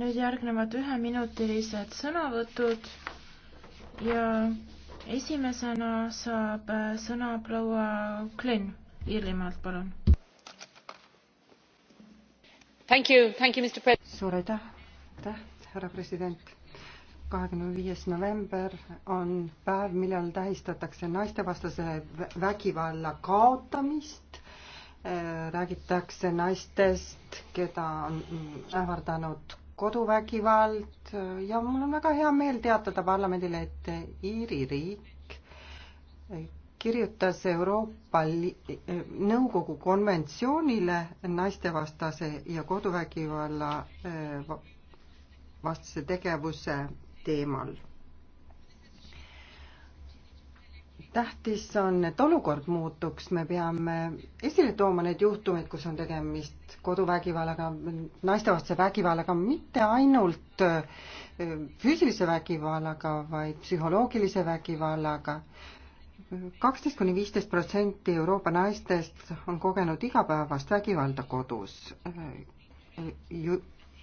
nüüd järgnevad üheminutilised sõnavõtud ja esimesena saab äh, sõna proua Glenn Iirimaalt, palun. suur aitäh, aitäh, härra president kahekümne viies november on päev, millal tähistatakse naistevastase vägivalla kaotamist. Äh, räägitakse naistest, keda on mm, ähvardanud koduvägivald ja mul on väga hea meel teatada parlamendile, et Iiri riik kirjutas Euroopa Nõukogu konventsioonile naistevastase ja koduvägivalla eh, vastase tegevuse teemal tähtis on, et olukord muutuks, me peame esile tooma need juhtumid, kus on tegemist koduvägivallaga, naistevastase vägivallaga, mitte ainult äh, füüsilise vägivallaga, vaid psühholoogilise vägivallaga. kaksteist kuni viisteist protsenti Euroopa naistest on kogenud igapäevast vägivalda kodus. Äh,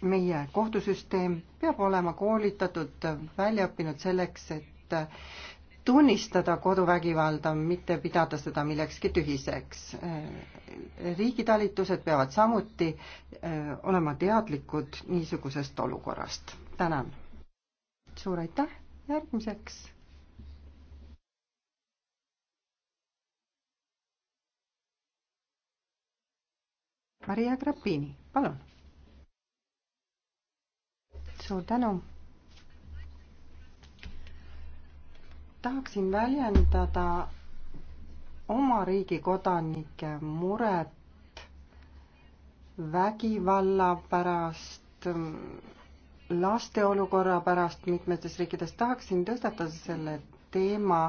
meie kohtusüsteem peab olema koolitatud, välja õppinud selleks, et tunnistada koduvägivalda, mitte pidada seda millekski tühiseks. riigitalitused peavad samuti äh, olema teadlikud niisugusest olukorrast. tänan. suur aitäh, järgmiseks. Maria Grappini, palun. suur tänu tahaksin väljendada oma riigi kodanike muret vägivalla pärast, laste olukorra pärast mitmetes riikides, tahaksin tõstatada selle teema,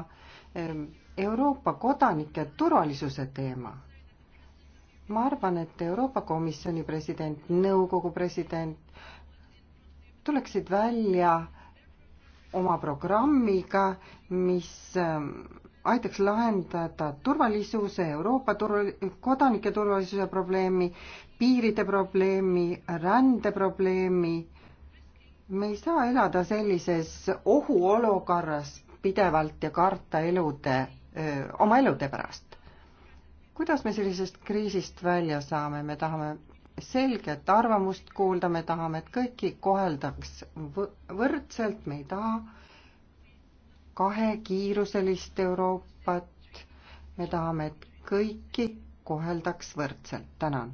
ehm, Euroopa kodanike turvalisuse teema. ma arvan, et Euroopa Komisjoni president, nõukogu president tuleksid välja oma programmiga, mis ähm, aitaks lahendada turvalisuse, Euroopa turval-, kodanike turvalisuse probleemi, piiride probleemi, rände probleemi. me ei saa elada sellises ohuolukorras pidevalt ja karta elude, oma elude pärast. kuidas me sellisest kriisist välja saame, me tahame selget arvamust kuulda, me tahame, et kõiki koheldaks võrdselt, me ei taha kahekiiruselist Euroopat. me tahame, et kõiki koheldaks võrdselt. tänan.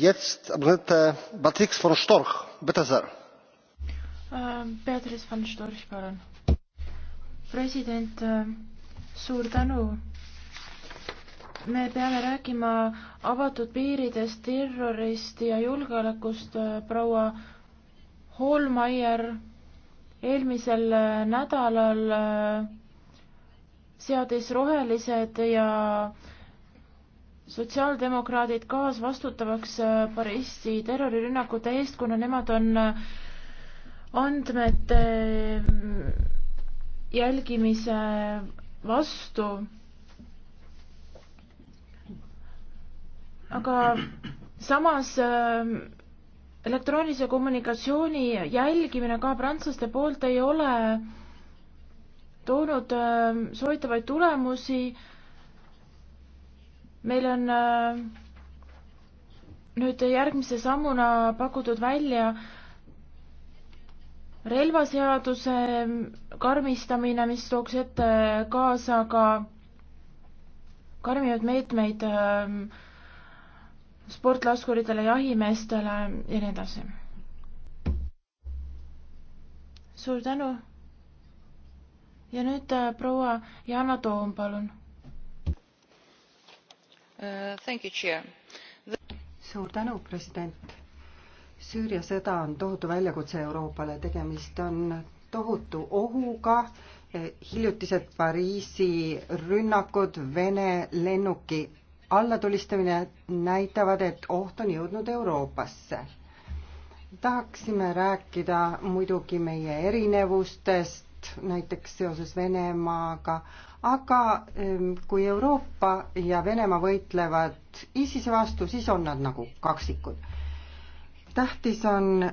Jetzt bitte Beatrix von Storch, bitte sehr. Ähm, Beatrix von Storch, palun. president, äh, suur tänu me peame rääkima avatud piiridest, terrorist ja julgeolekust, äh, proua Holmeier eelmisel äh, nädalal äh, seadis rohelised ja sotsiaaldemokraadid kaasvastutavaks Pariisi terrorirünnakute eest, kuna nemad on andmete jälgimise vastu aga samas ähm, elektroonilise kommunikatsiooni jälgimine ka prantslaste poolt ei ole toonud ähm, soovitavaid tulemusi. meil on ähm, nüüd järgmise sammuna pakutud välja relvaseaduse karmistamine, mis tooks ette kaasa ka karmimaid meetmeid äh, sportlaskuritele, jahimeestele ja nii edasi. suur tänu. ja nüüd äh, proua Yana Toom, palun uh,. suur tänu, president. Süüria sõda on tohutu väljakutse Euroopale, tegemist on tohutu ohuga eh, hiljutised Pariisi rünnakud Vene lennuki allatulistamine näitavad, et oht on jõudnud Euroopasse. tahaksime rääkida muidugi meie erinevustest, näiteks seoses Venemaaga, aga kui Euroopa ja Venemaa võitlevad ISISe vastu, siis on nad nagu kaksikud tähtis on, äh,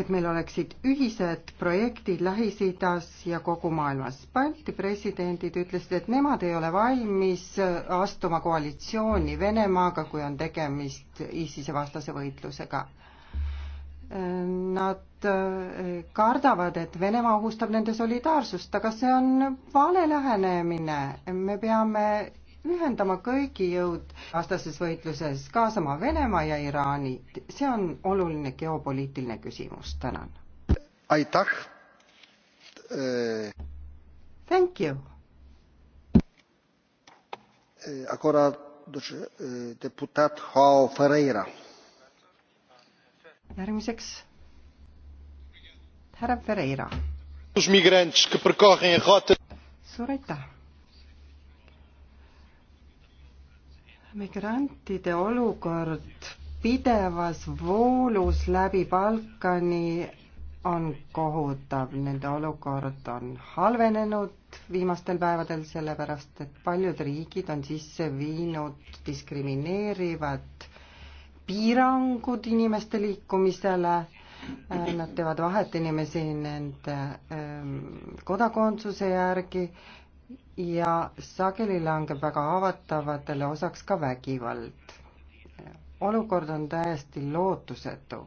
et meil oleksid ühised projektid Lähis-Idas ja kogu maailmas. Balti presidendid ütlesid, et nemad ei ole valmis äh, astuma koalitsiooni Venemaaga, kui on tegemist ISISe vastase võitlusega. Äh, nad kardavad, et Venemaa ohustab nende solidaarsust, aga see on vale lähenemine. me peame ühendama kõigi jõud vastases võitluses, kaasama Venemaa ja Iraani. see on oluline geopoliitiline küsimus, tänan. aitäh. Thank you. Agora deputat Joao Ferreira. järgmiseks härra Ferreira. suur aitäh migrantide olukord pidevas voolus läbi Balkani on kohutav, nende olukord on halvenenud viimastel päevadel, sellepärast et paljud riigid on sisse viinud diskrimineerivad piirangud inimeste liikumisele, nad teevad vahet inimesi nende ähm, kodakondsuse järgi ja sageli langeb väga haavatavatele osaks ka vägivald. olukord on täiesti lootusetu.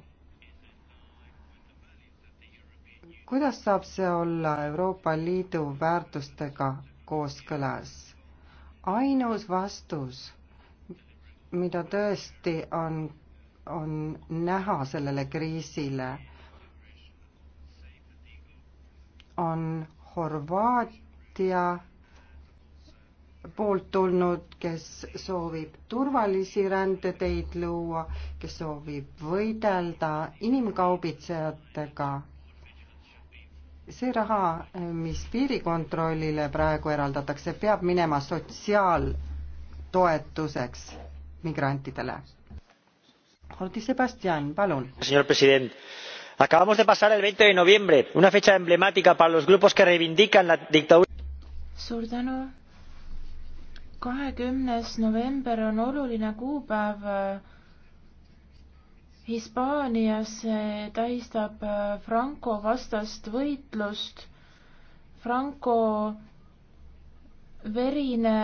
kuidas saab see olla Euroopa Liidu väärtustega kooskõlas? ainus vastus, mida tõesti on, on näha sellele kriisile, on Horvaatia poolt tulnud, kes soovib turvalisi rändeteid luua, kes soovib võidelda inimkaubitsejatega. see raha, mis piirikontrollile praegu eraldatakse, peab minema sotsiaaltoetuseks migrantidele. Jordi Sebastian, palun. Señor president, acabamos de pasar el veinte de noviembre, una fecha emblemática para los grupos que reivindican la dictadura. suur tänu kahekümnes november on oluline kuupäev. Äh, Hispaanias tähistab äh, Franco vastast võitlust. Franco verine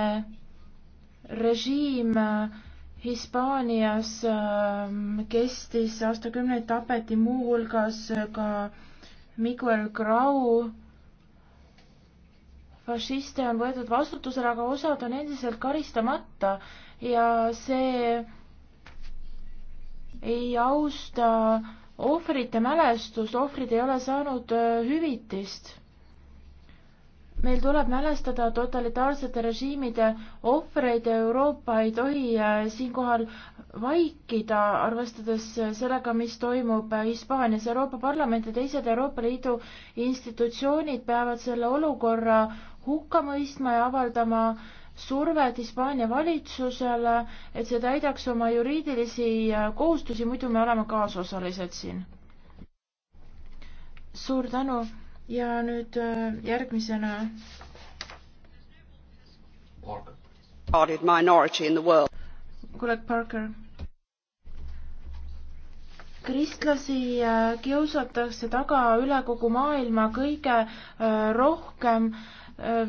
režiim äh, Hispaanias ähm, kestis aastakümneid, tapeti muuhulgas ka Miguel Grau fašiste on võetud vastutusele, aga osad on endiselt karistamata ja see ei austa ohvrite mälestust, ohvrid ei ole saanud äh, hüvitist. meil tuleb mälestada totalitaarsete režiimide ohvreid ja Euroopa ei tohi äh, siinkohal vaikida, arvestades äh, sellega, mis toimub Hispaanias. Euroopa Parlament ja teised Euroopa Liidu institutsioonid peavad selle olukorra hukka mõistma ja avaldama survet Hispaania valitsusele, et see täidaks oma juriidilisi äh, kohustusi, muidu me oleme kaasosalised siin. suur tänu ja nüüd äh, järgmisena. kolleeg Parker kristlasi äh, kiusatakse taga üle kogu maailma kõige rohkem Äh,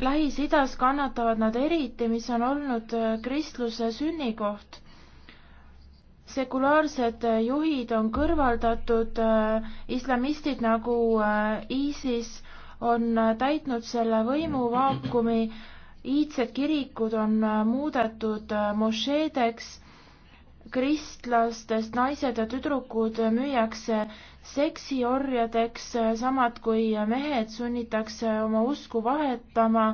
Lähis-Idas kannatavad nad eriti, mis on olnud äh, kristluse sünnikoht. sekulaarsed äh, juhid on kõrvaldatud, islamistid nagu ISIS on täitnud selle võimuvaakumi, iidsed kirikud on muudetud mošeedeks, kristlastest naised ja tüdrukud müüakse seksiorjadeks, äh, samad kui äh, mehed sunnitakse äh, oma usku vahetama.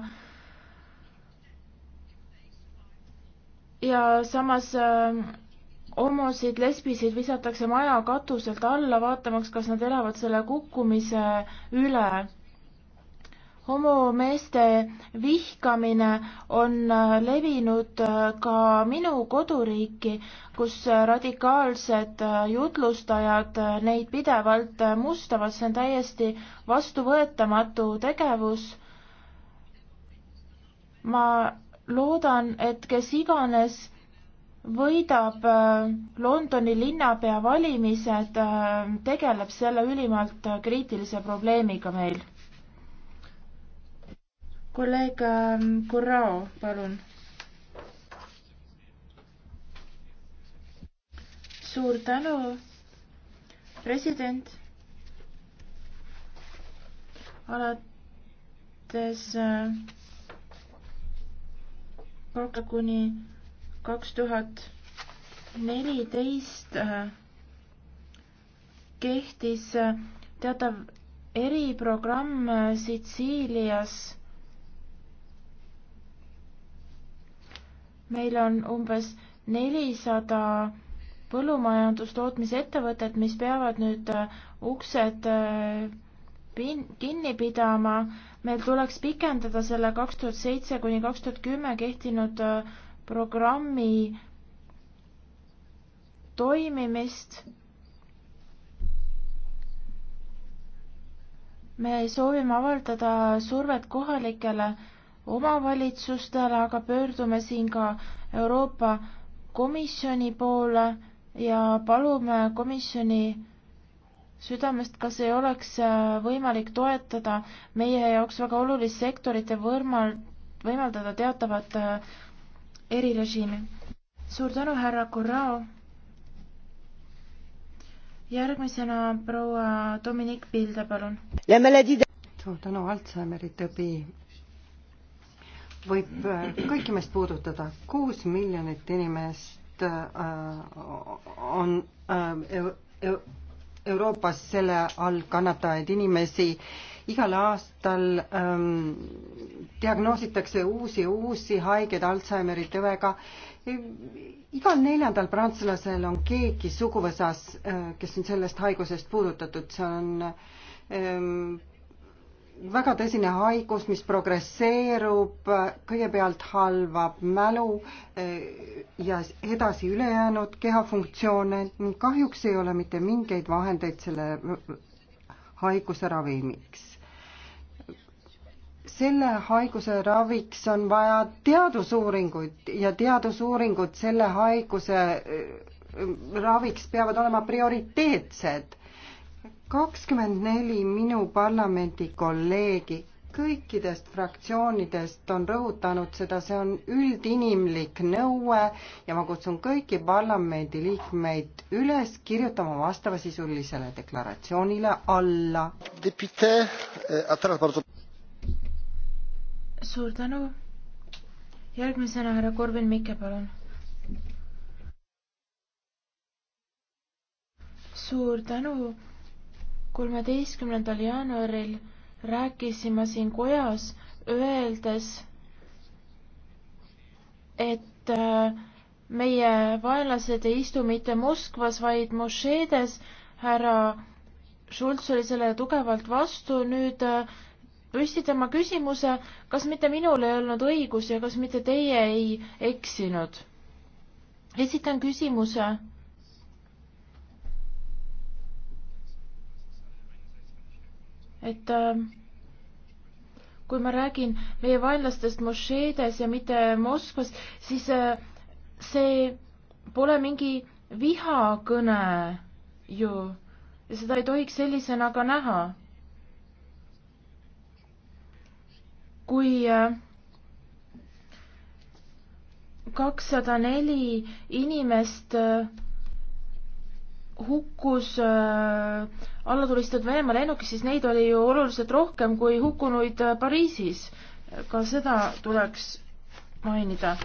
ja samas homosid, lesbisid visatakse maja katuselt alla, vaatamaks, kas nad elavad selle kukkumise üle homomeeste vihkamine on äh, levinud äh, ka minu koduriiki, kus äh, radikaalsed jutlustajad neid pidevalt mustavad, see on täiesti vastuvõetamatu tegevus. ma loodan, et kes iganes võidab Londoni linnapea valimised, tegeleb selle ülimalt kriitilise probleemiga meil kolleeg ähm, Corrao, palun. suur tänu, president. alates äh, kuni kaks tuhat neliteist äh, kehtis äh, teatav eriprogramm Sitsiilias meil on umbes nelisada põllumajandustootmisettevõtet, mis peavad nüüd äh, uksed äh, pin-, kinni pidama, meil tuleks pikendada selle kaks tuhat seitse kuni kaks tuhat kümme kehtinud äh, programmi toimimist. me soovime avaldada survet kohalikele omavalitsustele, aga pöördume siin ka Euroopa Komisjoni poole ja palume komisjoni südamest, kas ei oleks äh, võimalik toetada meie jaoks väga olulist sektorit ja võimal-, võimaldada teatavat äh, erirežiimi. suur tänu, härra Corrao. järgmisena proua Dominique Pilde, palun. suur tänu, Alžeimeri tõbi võib äh, kõiki meist puudutada. kuus miljonit inimest äh, on äh, Euroopas selle all kannatavaid inimesi. igal aastal ähm, diagnoositakse uusi, uusi haigeid Alžeimeri tüvega. igal neljandal prantslasel on keegi suguvõsas, kes on sellest haigusest puudutatud, see on ähm, väga tõsine haigus, mis progresseerub, kõigepealt halvab mälu eh, ja edasi ülejäänud kehafunktsioone ning kahjuks ei ole mitte mingeid vahendeid selle haiguse ravimiks. selle haiguse raviks on vaja teadusuuringuid ja teadusuuringud selle haiguse eh, raviks peavad olema prioriteetsed kakskümmend neli minu parlamendi kolleegi kõikidest fraktsioonidest on rõhutanud seda, see on üldinimlik nõue ja ma kutsun kõiki parlamendiliikmeid üles kirjutama vastavasisulisele deklaratsioonile alla. Eh, suur tänu. järgmisena härra Korvin Mikke, palun. suur tänu kolmeteistkümnendal jaanuaril rääkisin ma siin kojas, öeldes, et äh, meie vaenlased ei istu mitte Moskvas, vaid mošeedes. härra Schulz oli sellele tugevalt vastu, nüüd äh, püstitama küsimuse, kas mitte minul ei olnud õigus ja kas mitte teie ei eksinud. esitan küsimuse et ähm, kui ma räägin meie vaenlastest mošeedes ja mitte Moskvas, siis äh, see pole mingi vihakõne ju ja seda ei tohiks sellisena ka näha. kui äh, kakssada neli inimest äh, hukkus äh, allatulistatud Venemaa lennukis, siis neid oli ju oluliselt rohkem kui hukkunuid äh, Pariisis. ka seda tuleks mainida.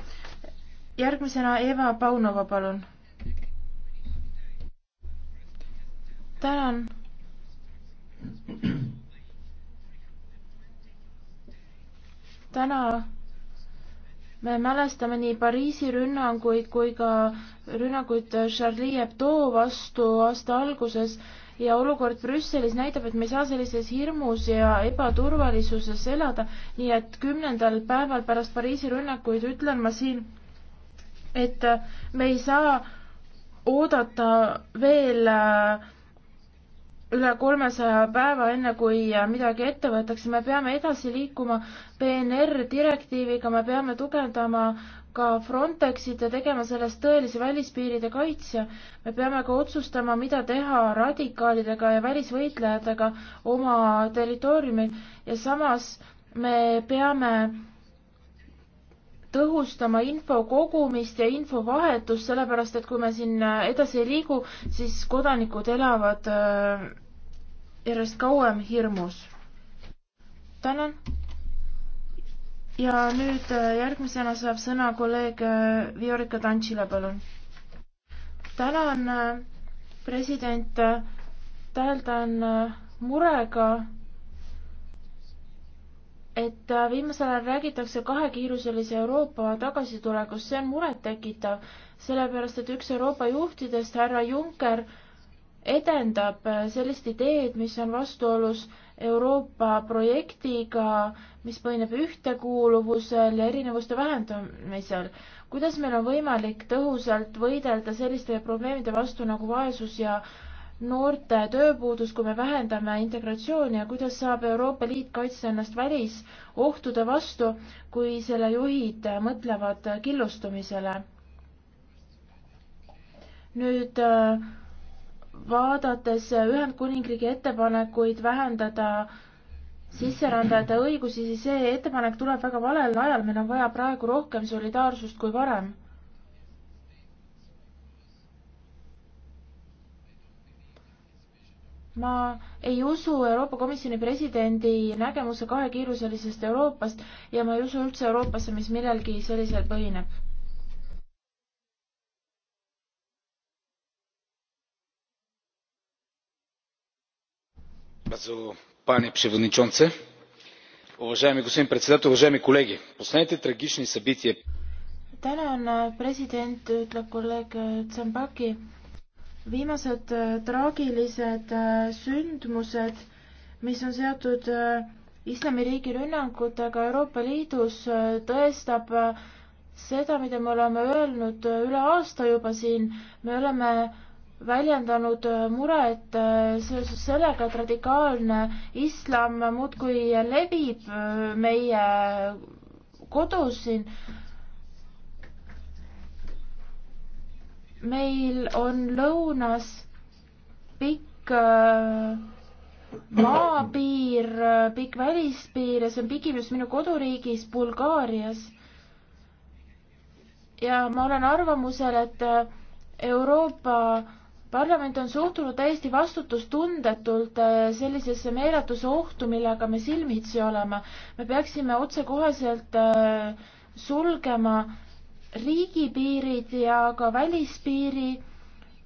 järgmisena Eva Paunova, palun. tänan. täna me mälestame nii Pariisi rünnanguid kui ka rünnakuid Charlie Hebdo vastu aasta alguses ja olukord Brüsselis näitab, et me ei saa sellises hirmus ja ebaturvalisuses elada, nii et kümnendal päeval pärast Pariisi rünnakuid ütlen ma siin, et me ei saa oodata veel äh, üle kolmesaja päeva, enne kui midagi ette võetakse, me peame edasi liikuma PNR direktiiviga, me peame tugevdama ka Frontexit ja tegema sellest tõelise välispiiride kaitsja. me peame ka otsustama, mida teha radikaalidega ja välisvõitlejatega oma territooriumil ja samas me peame tõhustama info kogumist ja infovahetust, sellepärast et kui me siin äh, edasi ei liigu, siis kodanikud elavad äh, järjest kauem hirmus. tänan. ja nüüd äh, järgmisena saab sõna kolleeg Viorika Tantsila, palun. tänan, president. täheldan murega et äh, viimasel ajal räägitakse kahekiiruselise Euroopa tagasitulekust, see on murettekitav, sellepärast et üks Euroopa juhtidest, härra Juncker, edendab äh, sellist ideed, mis on vastuolus Euroopa projektiga, mis põhineb ühtekuuluvusel ja erinevuste vähendamisel. kuidas meil on võimalik tõhusalt võidelda selliste probleemide vastu nagu vaesus ja äh, noorte tööpuudust, kui me vähendame integratsiooni ja kuidas saab Euroopa Liit kaitsta ennast välisohtude vastu, kui selle juhid mõtlevad killustumisele? nüüd äh, vaadates Ühendkuningriigi ettepanekuid vähendada sisserändajate õigusi, siis see ettepanek tuleb väga valel ajal, meil on vaja praegu rohkem solidaarsust kui varem ma ei usu Euroopa Komisjoni presidendi nägemuse kahekiiruselisest Euroopast ja ma ei usu üldse Euroopasse, mis millelgi sellisel põhineb. Пане Пшеводничонце, уважаеми господин председател, уважаеми колеги, последните трагични събития. Tänan president, ütleb kolleeg Tsambaki viimased äh, traagilised äh, sündmused, mis on seotud äh, islamiriigi rünnakutega Euroopa Liidus, tõestab seda, mida me oleme öelnud üle aasta juba siin. me oleme väljendanud muret seoses sellega, et radikaalne islam muudkui levib meie kodus siin meil on lõunas pikk äh, maapiir, äh, pikk välispiir ja see on pikim just minu koduriigis Bulgaarias. ja ma olen arvamusel, et äh, Euroopa parlament on suhtunud täiesti vastutustundetult sellisesse meeletuse ohtu, millega me silmitsi oleme. me peaksime otsekoheselt sulgema riigipiirid ja ka välispiiri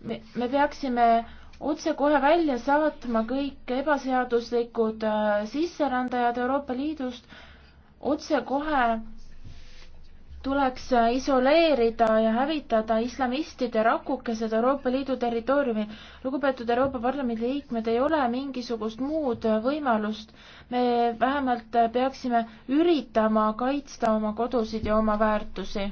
me, me peaksime otsekohe välja saatma kõik ebaseaduslikud äh, sisserändajad Euroopa Liidust, otsekohe tuleks äh, isoleerida ja hävitada islamistide rakukesed Euroopa Liidu territooriumil. lugupeetud Euroopa Parlamendi liikmed, ei ole mingisugust muud võimalust. me vähemalt peaksime üritama kaitsta oma kodusid ja oma väärtusi.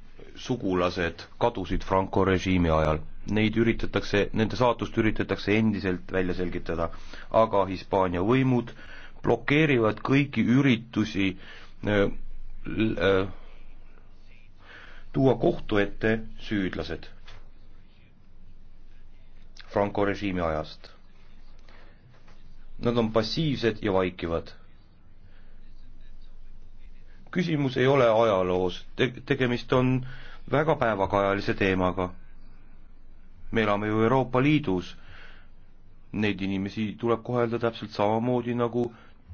sugulased kadusid Franco režiimi ajal. Neid üritatakse, nende saatust üritatakse endiselt välja selgitada, aga Hispaania võimud blokeerivad kõiki üritusi öö, äh, öö, äh, tuua kohtu ette süüdlased Franco režiimi ajast. Nad on passiivsed ja vaikivad küsimus ei ole ajaloos, te-, tegemist on väga päevakajalise teemaga. me elame ju Euroopa Liidus. Neid inimesi tuleb kohelda täpselt samamoodi nagu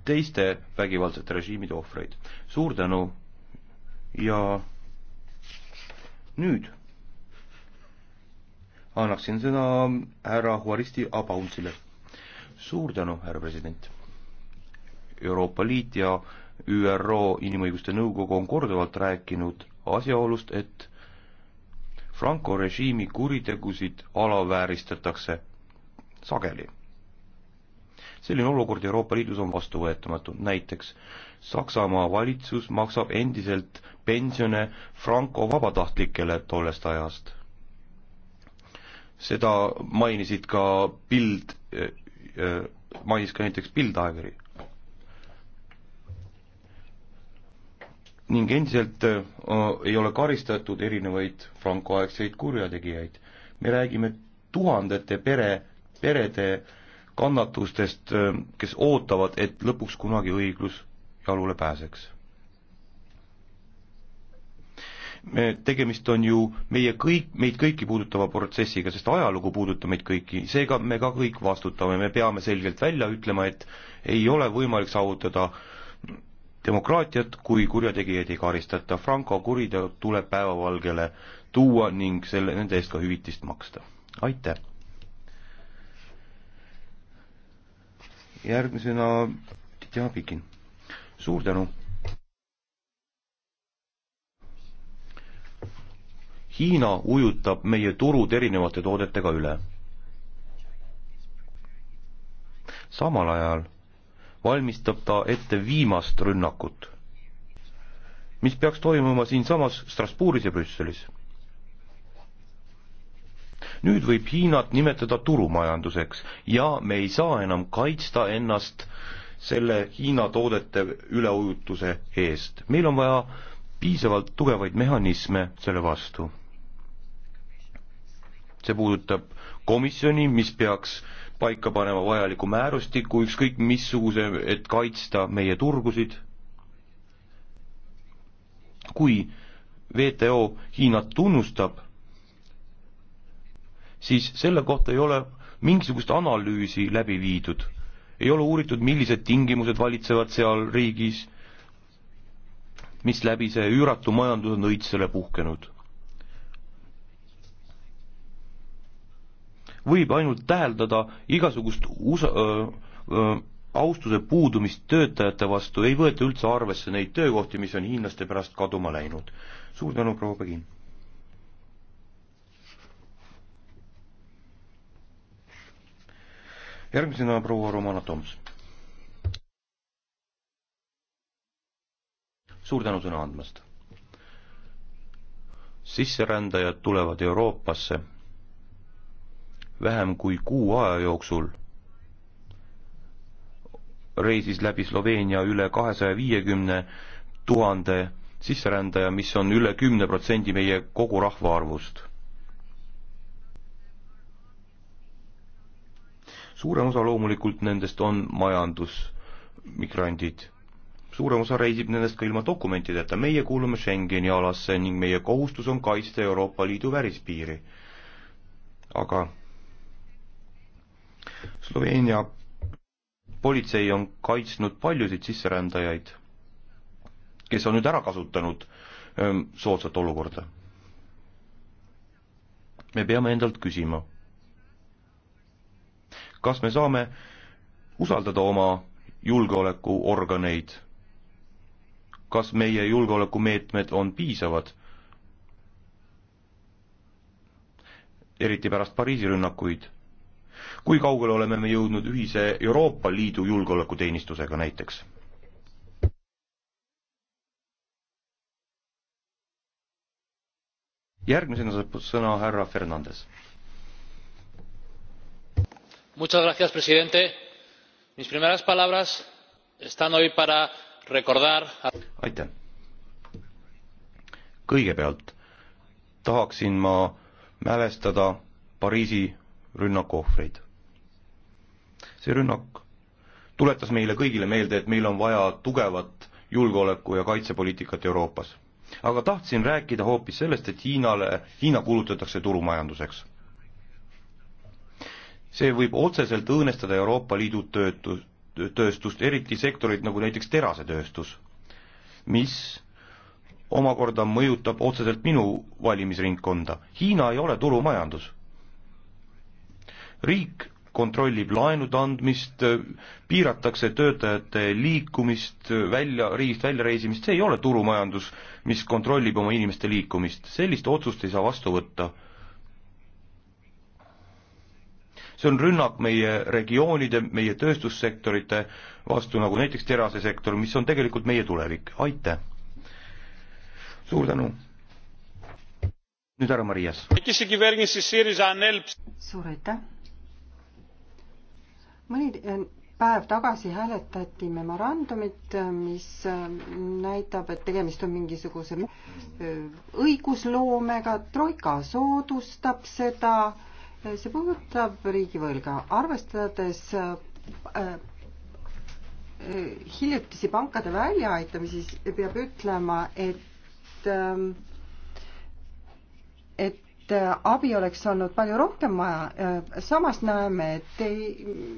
teiste vägivaldsete režiimide ohvreid. suur tänu ja nüüd annaksin sõna härra Juaristi Abaunsile. suur tänu, härra president. Euroopa Liit ja ÜRO Inimõiguste Nõukogu on korduvalt rääkinud asjaolust, et Franco režiimi kuritegusid alavääristatakse sageli. selline olukord Euroopa Liidus on vastuvõetamatu, näiteks Saksamaa valitsus maksab endiselt pensione Franco vabatahtlikele tollest ajast. seda mainisid ka Bild, eh, eh, mainis ka näiteks Bild Aegri ning endiselt äh, ei ole karistatud erinevaid frankoaegseid kurjategijaid. me räägime tuhandete pere, perede kannatustest, äh, kes ootavad, et lõpuks kunagi õiglus jalule pääseks. me, tegemist on ju meie kõik, meid kõiki puudutava protsessiga, sest ajalugu puudutab meid kõiki, seega me ka kõik vastutame, me peame selgelt välja ütlema, et ei ole võimalik saavutada äh, demokraatiat, kui kurjategijaid ei karistata. Franco kuriteo tuleb päevavalgele tuua ning selle, nende eest ka hüvitist maksta. aitäh! järgmisena Tatjana Pikin. suur tänu! Hiina ujutab meie turud erinevate toodetega üle. samal ajal valmistab ta ette viimast rünnakut, mis peaks toimuma siinsamas Strasbourgis ja Brüsselis. nüüd võib Hiinat nimetada turumajanduseks ja me ei saa enam kaitsta ennast selle Hiina toodete üleujutuse eest. meil on vaja piisavalt tugevaid mehhanisme selle vastu. see puudutab komisjoni, mis peaks äh, paika panema vajaliku määrustiku, ükskõik missuguse, et kaitsta meie turgusid. kui WTO Hiinat tunnustab, siis selle kohta ei ole mingisugust analüüsi läbi viidud. ei ole uuritud, millised tingimused valitsevad seal riigis, mis läbi see üüratu majandus on õitsele puhkenud võib ainult täheldada igasugust usa- äh,, äh, austuse puudumist töötajate vastu, ei võeta üldse arvesse neid töökohti, mis on hiinlaste pärast kaduma läinud. suur tänu, proua Pegin! järgmisena proua Romana Toms. suur tänu sõna andmast! sisserändajad tulevad Euroopasse vähem kui kuu aja jooksul reisis läbi Sloveenia üle kahesaja viiekümne tuhande sisserändaja, mis on üle kümne protsendi meie kogu rahvaarvust. suurem osa loomulikult nendest on majandusmigrandid. suurem osa reisib nendest ka ilma dokumentideta, meie kuulume Schengeni alasse ning meie kohustus on kaitsta Euroopa Liidu välispiiri. aga Sloveenia politsei on kaitsnud paljusid sisserändajaid, kes on nüüd ära kasutanud ähm, soodsat olukorda. me peame endalt küsima, kas me saame usaldada oma julgeolekuorganeid, kas meie julgeolekumeetmed on piisavad, eriti pärast Pariisi rünnakuid kui kaugele oleme me jõudnud ühise Euroopa Liidu julgeolekuteenistusega näiteks? järgmisena saab sõna härra Fernandes. Muchas gracias, presidente. Mis primeras palabras están hoy para recordar. aitäh. kõigepealt tahaksin ma mälestada Pariisi rünnaku ohvreid see rünnak tuletas meile kõigile meelde, et meil on vaja tugevat julgeoleku- ja kaitsepoliitikat Euroopas. aga tahtsin rääkida hoopis sellest, et Hiinale, Hiina kuulutatakse turumajanduseks. see võib otseselt õõnestada Euroopa Liidu töötu-, tööstust, eriti sektorid nagu näiteks terasetööstus, mis omakorda mõjutab otseselt minu valimisringkonda. Hiina ei ole turumajandus. riik kontrollib laenude andmist, piiratakse töötajate liikumist, välja, riigist väljareisimist, see ei ole turumajandus, mis kontrollib oma inimeste liikumist, sellist otsust ei saa vastu võtta. see on rünnak meie regioonide, meie tööstussektorite vastu, nagu näiteks terasesektor, mis on tegelikult meie tulevik, aitäh! suur tänu! nüüd härra Marias. suur aitäh! mõni päev tagasi hääletati memorandumit, mis äh, näitab, et tegemist on mingisuguse äh, õigusloomega, troika soodustab seda, see puudutab riigivõlga, arvestades äh, hiljutisi pankade väljaaaitamisi, siis peab ütlema, et ähm, et abi oleks olnud palju rohkem vaja, samas näeme, et ei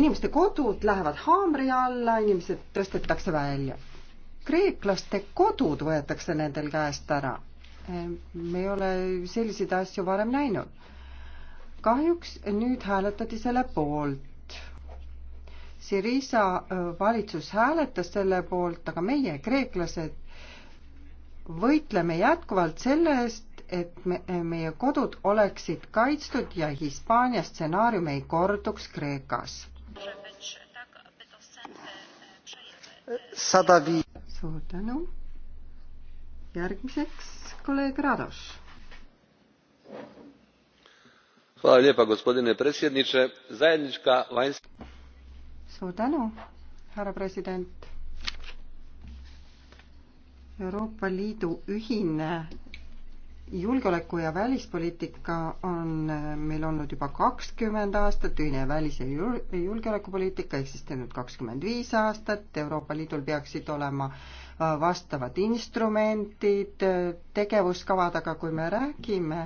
inimeste kodud lähevad haamri alla, inimesed tõstetakse välja. kreeklaste kodud võetakse nendel käest ära. me ei ole selliseid asju varem näinud. kahjuks nüüd hääletati selle poolt. Syriza äh, valitsus hääletas selle poolt, aga meie, kreeklased, võitleme jätkuvalt selle eest, et me, meie kodud oleksid kaitstud ja Hispaania stsenaarium ei korduks Kreekas. sada viis. suur tänu. järgmiseks kolleeg Rados. Hvala lijepa gospodine predsjedniče. Zajednička vanjska... Suur tänu, härra president. Euroopa Liidu ühine julgeoleku ja välispoliitika on äh, meil olnud juba kakskümmend aastat, ühine välis- ja julgeolekupoliitika eksisteerinud kakskümmend viis aastat, Euroopa Liidul peaksid olema äh, vastavad instrumentid, äh, tegevuskavad, aga kui me räägime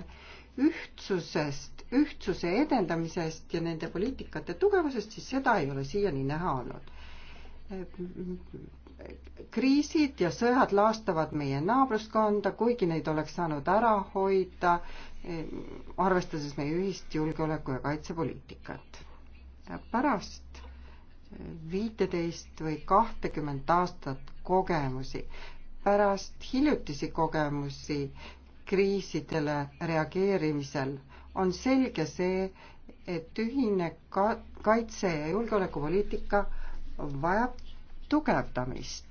ühtsusest, ühtsuse edendamisest ja nende poliitikate tugevusest, siis seda ei ole siiani näha olnud kriisid ja sõjad laastavad meie naabruskonda, kuigi neid oleks saanud ära hoida, arvestades meie ühist julgeoleku- ja kaitsepoliitikat. pärast viiteist või kahtekümmet aastat kogemusi, pärast hiljutisi kogemusi kriisidele reageerimisel on selge see, et ühine ka-, kaitse- ja julgeolekupoliitika vajab tugevdamist.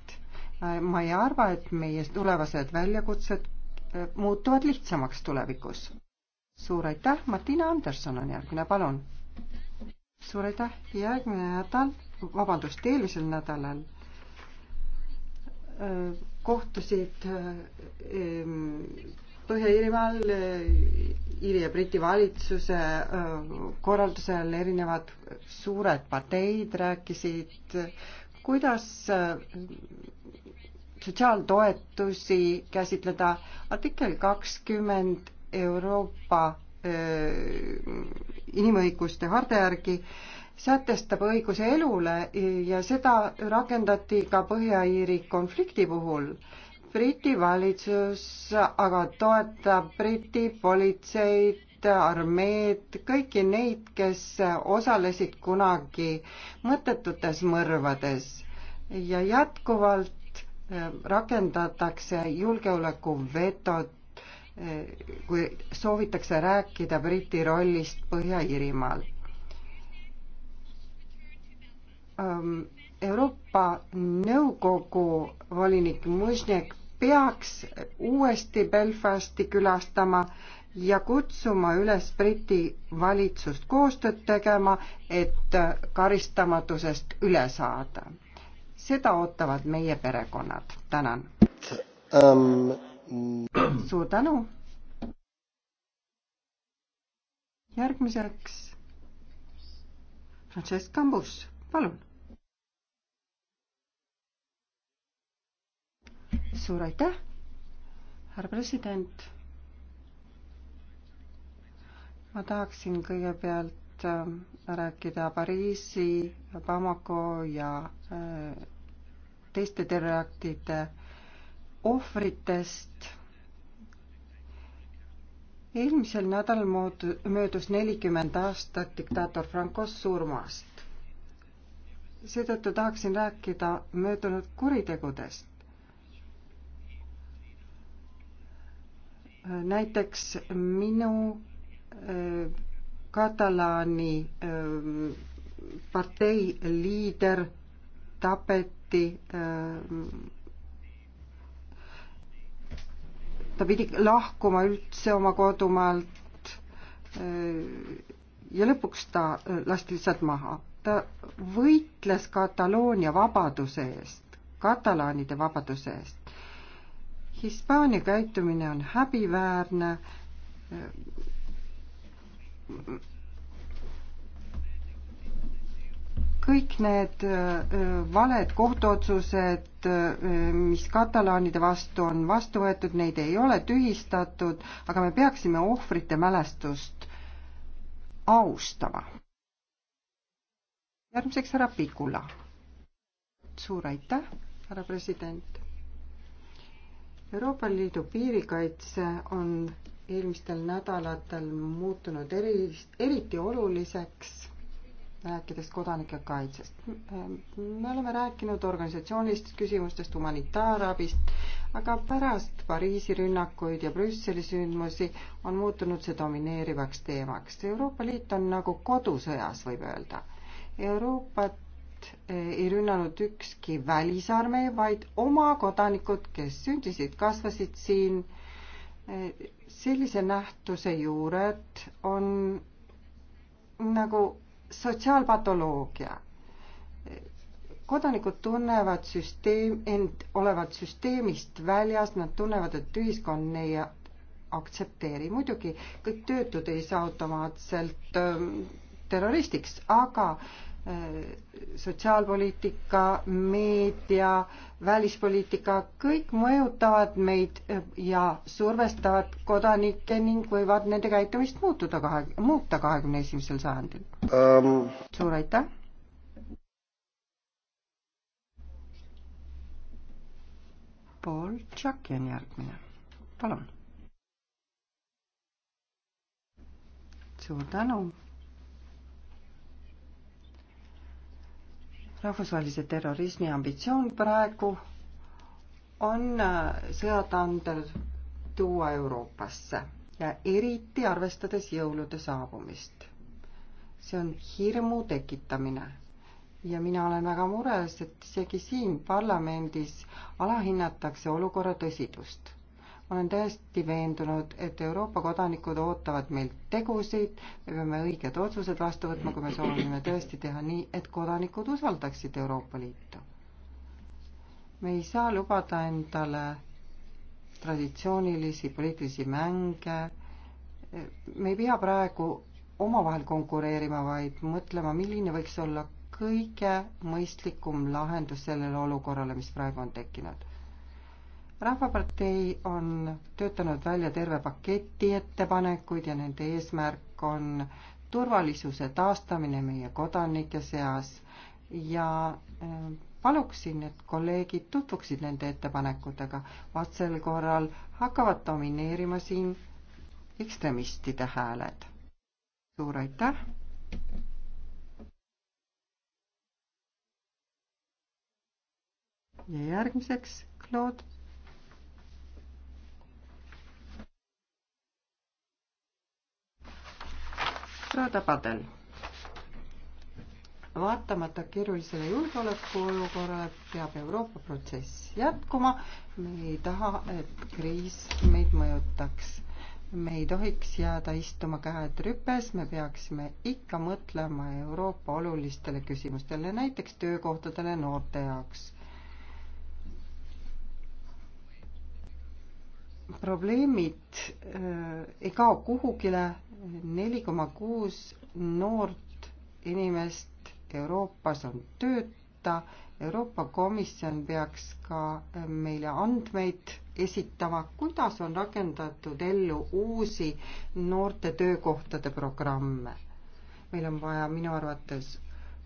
Äh, ma ei arva, et meie tulevased väljakutsed äh, muutuvad lihtsamaks tulevikus. suur aitäh, Martina Anderson on järgmine, palun. suur aitäh, järgmine nädal, vabandust, eelmisel nädalal äh, kohtusid Põhja-Iirimaal Iiri ja Briti valitsuse korraldusel erinevad suured parteid rääkisid kuidas äh, sotsiaaltoetusi käsitleda. artikkel kakskümmend Euroopa äh, inimõiguste harta järgi sätestab õiguse elule ja seda rakendati ka Põhja-Iiri konflikti puhul. Briti valitsus aga toetab Briti politseid armeed, kõiki neid, kes osalesid kunagi mõttetutes mõrvades ja jätkuvalt eh, rakendatakse julgeolekuvetot, eh, kui soovitakse rääkida Briti rollist Põhja-Iirimaal. Ähm, Euroopa Nõukogu volinik Mužnek peaks uuesti Belfasti külastama ja kutsuma üles Briti valitsust koostööd tegema, et karistamatusest üle saada. seda ootavad meie perekonnad. tänan um.... suur tänu. järgmiseks Francesc Cambus, palun. suur aitäh, härra president ma tahaksin kõigepealt äh, rääkida Pariisi, Bamako ja äh, teiste terroriaktide ohvritest. eelmisel nädalal möödus nelikümmend aastat diktaator Francos surmast. seetõttu tahaksin rääkida möödunud kuritegudest. näiteks minu Äh, Katalaani äh, partei liider tapeti äh, ta pidi lahkuma üldse oma kodumaalt ja lõpuks ta lasti lihtsalt maha. ta võitles Kataloonia vabaduse eest, katalaanide vabaduse eest. Hispaania käitumine on häbiväärne kõik need äh, valed kohtuotsused, äh, mis katalaanide vastu on vastu võetud, neid ei ole tühistatud, aga me peaksime ohvrite mälestust austama. järgmiseks härra Pikula. suur aitäh, härra president. Euroopa Liidu piirikaitse on eelmistel nädalatel muutunud eri, eriti oluliseks, rääkides kodanike kaitsest. me oleme rääkinud organisatsioonilistest küsimustest, humanitaarabist, aga pärast Pariisi rünnakuid ja Brüsseli sündmusi on muutunud see domineerivaks teemaks. Euroopa Liit on nagu kodusõjas, võib öelda. Euroopat eh, ei rünnanud ükski välisarmee, vaid oma kodanikud, kes sündisid, kasvasid siin äh, sellise nähtuse juured on nagu sotsiaalpatoloogia. kodanikud tunnevad süsteem, end olevat süsteemist väljas, nad tunnevad, et ühiskond neie aktsepteeri. muidugi kõik töötud ei saa automaatselt ähm, terroristiks, aga äh, sotsiaalpoliitika, meedia, välispoliitika, kõik mõjutavad meid ja survestavad kodanikke ning võivad nende käitumist muutuda kahe, muuta kahekümne esimesel sajandil um.... suur aitäh! Paul Tšaki on järgmine, palun. suur tänu rahvusvahelise terrorismi ambitsioon praegu on äh, sõjatandel tuua Euroopasse ja eriti arvestades jõulude saabumist. see on hirmu tekitamine ja mina olen väga mures, et isegi siin parlamendis alahinnatakse olukorra tõsidust ma olen täiesti veendunud, et Euroopa kodanikud ootavad meilt tegusid, me peame õiged otsused vastu võtma, kui me soovime tõesti teha nii, et kodanikud usaldaksid Euroopa Liitu. me ei saa lubada endale traditsioonilisi poliitilisi mänge, me ei pea praegu omavahel konkureerima, vaid mõtlema, milline võiks olla kõige mõistlikum lahendus sellele olukorrale, mis praegu on tekkinud rahvapartei on töötanud välja terve paketi ettepanekuid ja nende eesmärk on turvalisuse taastamine meie kodanike seas ja äh, paluksin, et kolleegid tutvuksid nende ettepanekutega. vastasel korral hakkavad domineerima siin ekstremistide hääled. suur aitäh! ja järgmiseks Claude raadapadel. vaatamata keerulisele julgeolekuolukorrale peab Euroopa protsess jätkuma. me ei taha, et kriis meid mõjutaks. me ei tohiks jääda istuma käed rüpes, me peaksime ikka mõtlema Euroopa olulistele küsimustele, näiteks töökohtadele noorte jaoks probleemid äh, ei kao kuhugile, neli koma kuus noort inimest Euroopas on tööta, Euroopa Komisjon peaks ka äh, meile andmeid esitama, kuidas on rakendatud ellu uusi noorte töökohtade programme. meil on vaja minu arvates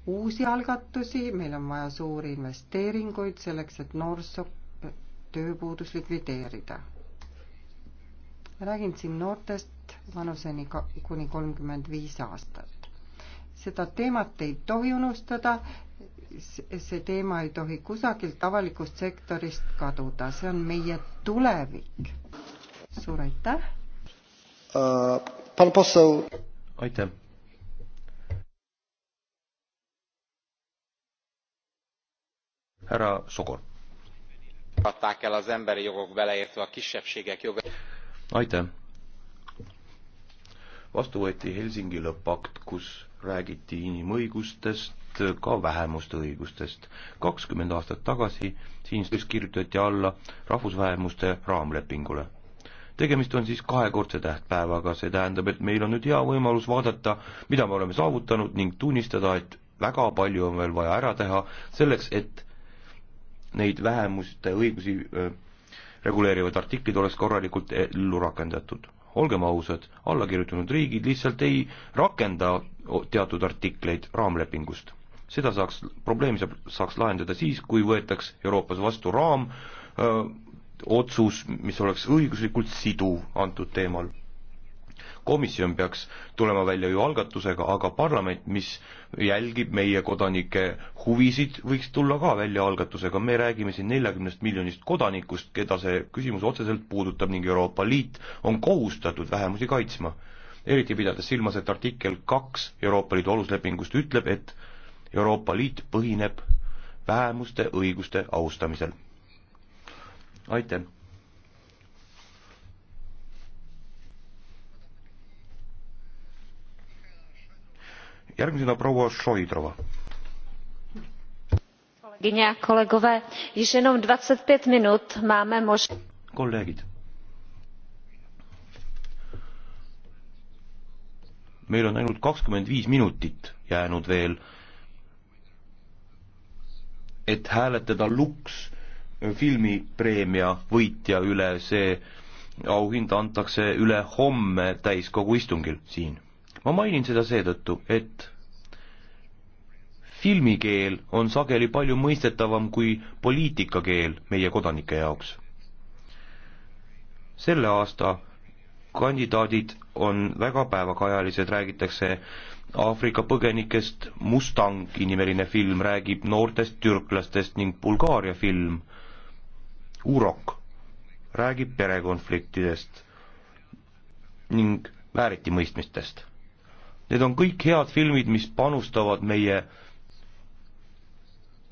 uusi algatusi, meil on vaja suuri investeeringuid selleks, et noorsoo tööpuudus likvideerida ma räägin siin noortest vanuseni kuni kolmkümmend viis aastat. seda teemat ei tohi unustada, see teema ei tohi kusagilt avalikust sektorist kaduda, see on meie tulevik. suur aitäh uh,! aitäh! härra Sogor. adták el az emberi jogok beleértve a kisebbségek jogait aitäh! vastu võeti Helsingi lõppakt, kus räägiti inimõigustest, ka vähemuste õigustest. kakskümmend aastat tagasi siin siis kirjutati alla rahvusvähemuste raamlepingule. tegemist on siis kahekordse tähtpäevaga, see tähendab, et meil on nüüd hea võimalus vaadata, mida me oleme saavutanud ning tunnistada, et väga palju on veel vaja ära teha selleks, et neid vähemuste õigusi öö, reguleerivad artiklid oleks korralikult ellu rakendatud. olgem ausad, allakirjutanud riigid lihtsalt ei rakenda teatud artikleid raamlepingust. seda saaks, probleemi saab, saaks lahendada siis, kui võetaks Euroopas vastu raam, otsus, mis oleks õiguslikult siduv antud teemal komisjon peaks tulema välja ju algatusega, aga parlament, mis jälgib meie kodanike huvisid, võiks tulla ka välja algatusega, me räägime siin neljakümnest miljonist kodanikust, keda see küsimus otseselt puudutab ning Euroopa Liit on kohustatud vähemusi kaitsma. eriti pidades silmas, et artikkel kaks Euroopa Liidu aluslepingust ütleb, et Euroopa Liit põhineb vähemuste õiguste austamisel. aitäh! järgmisena proua Šoidrova. kolleegid. meil on ainult kakskümmend viis minutit jäänud veel, et hääletada Lux filmipreemia võitja üle, see auhind antakse üle homme täiskogu istungil siin ma mainin seda seetõttu, et filmikeel on sageli palju mõistetavam kui poliitikakeel meie kodanike jaoks. selle aasta kandidaadid on väga päevakajalised, räägitakse Aafrika põgenikest, Mustangi nimeline film räägib noortest türklastest ning Bulgaaria film Urok räägib perekonfliktidest ning vääritimõistmistest Need on kõik head filmid, mis panustavad meie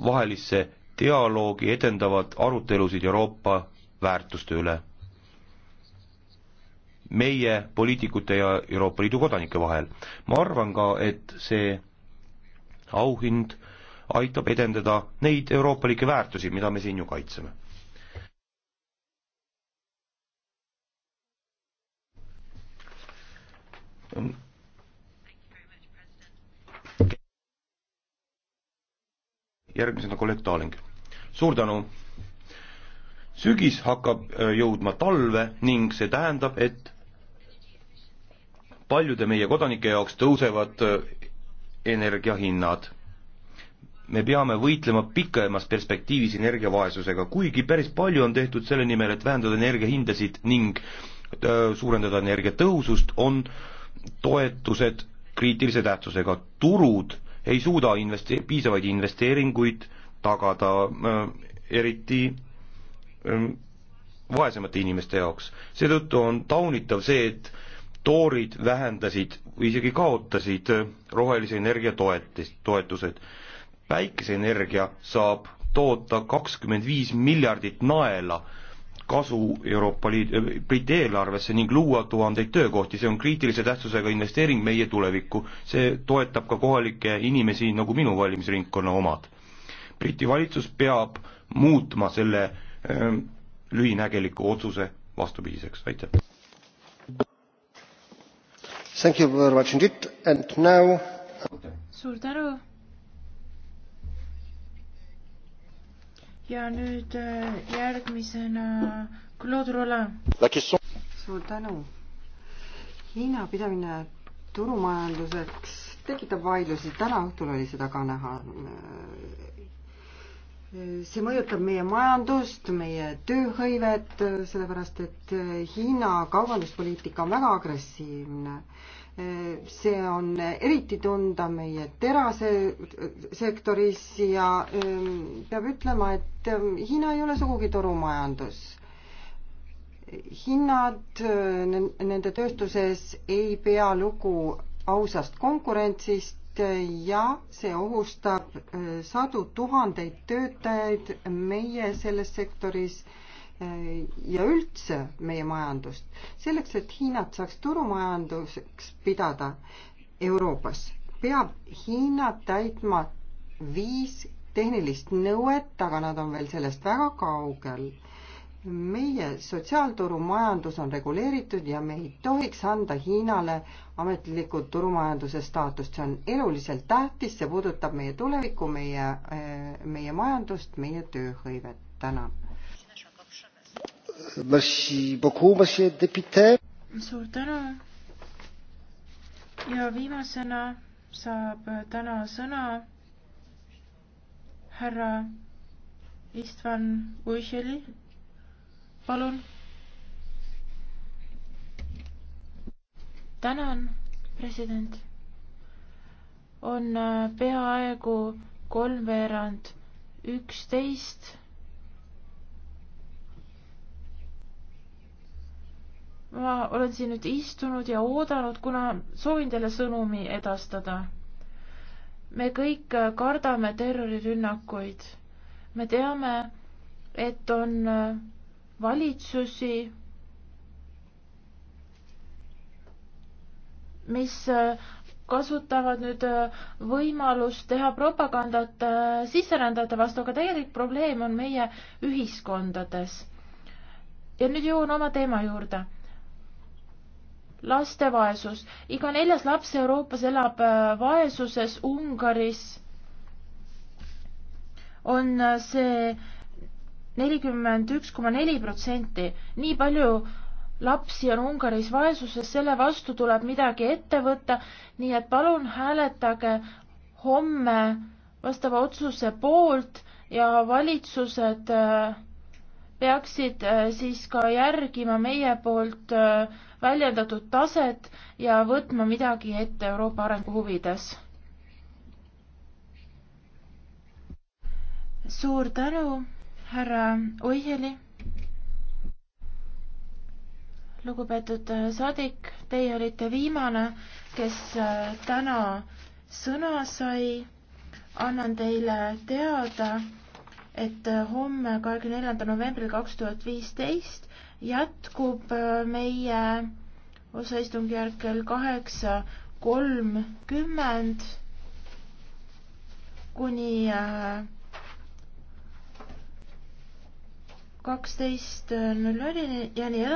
vahelisse dialoogi, edendavad arutelusid Euroopa väärtuste üle. meie poliitikute ja Euroopa Liidu kodanike vahel. ma arvan ka, et see auhind aitab edendada neid euroopalikke väärtusi, mida me siin ju kaitseme. Um, järgmisena kolleeg Taaling. suur tänu! sügis hakkab äh, jõudma talve ning see tähendab, et paljude meie kodanike jaoks tõusevad äh, energiahinnad. me peame võitlema pikemas perspektiivis energiavaesusega, kuigi päris palju on tehtud selle nimel, et vähendada energiahindasid ning äh, suurendada energiatõhusust, on toetused kriitilise tähtsusega, turud ei suuda investe-, piisavaid investeeringuid tagada äh, eriti äh, vaesemate inimeste jaoks. seetõttu on taunitav see, et toorid vähendasid või isegi kaotasid äh, rohelise energia toetis, toetused. päikeseenergia saab toota kakskümmend viis miljardit naela kasu Euroopa Liit, äh, Briti eelarvesse ning luua tuhandeid töökohti, see on kriitilise tähtsusega investeering meie tulevikku. see toetab ka kohalikke inimesi, nagu minu valimisringkonna omad. Briti valitsus peab muutma selle äh, lühinägeliku otsuse vastupidiseks, aitäh. Thank you very much indeed and now suur tänu ja nüüd äh, järgmisena Claude Roland. suur tänu. Hiina pidamine turumajanduseks tekitab vaidlusi, täna õhtul oli seda ka näha. see mõjutab meie majandust, meie tööhõivet, sellepärast et Hiina kaubanduspoliitika on väga agressiivne see on eriti tunda meie terasesektoris ja ähm, peab ütlema, et ähm, Hiina ei ole sugugi turumajandus. hinnad äh, nende tööstuses ei pea lugu ausast konkurentsist ja see ohustab äh, sadu tuhandeid töötajaid meie selles sektoris Äh, ja üldse meie majandust. selleks, et Hiinat saaks turumajanduseks pidada Euroopas, peab Hiina täitma viis tehnilist nõuet, aga nad on veel sellest väga kaugel. meie sotsiaalturumajandus on reguleeritud ja me ei tohiks anda Hiinale ametlikult turumajanduse staatust, see on eluliselt tähtis, see puudutab meie tulevikku, meie, äh, meie majandust, meie tööhõivet. tänan suur tänu. ja viimasena saab täna sõna härra Istvan Uiseli. palun. tänan, president on peaaegu kolmveerand üksteist ma olen siin nüüd istunud ja oodanud, kuna soovin teile sõnumi edastada. me kõik kardame terrorirünnakuid. me teame, et on valitsusi, mis kasutavad nüüd võimalust teha propagandat sisserändajate vastu, aga tegelik probleem on meie ühiskondades. ja nüüd jõuan oma teema juurde laste vaesus. iga neljas laps Euroopas elab äh, vaesuses, Ungaris on äh, see nelikümmend üks koma neli protsenti. nii palju lapsi on Ungaris vaesuses, selle vastu tuleb midagi ette võtta, nii et palun hääletage homme vastava otsuse poolt ja valitsused äh, peaksid siis ka järgima meie poolt äh, väljendatud taset ja võtma midagi ette Euroopa arengu huvides. suur tänu, härra Oiheli. lugupeetud saadik, teie olite viimane, kes äh, täna sõna sai. annan teile teada, et äh, homme, kahekümne neljandal novembril kaks tuhat viisteist jätkub äh, meie osaistungjärk kell kaheksa kolmkümmend kuni äh, kaksteist null neli ja nii edasi.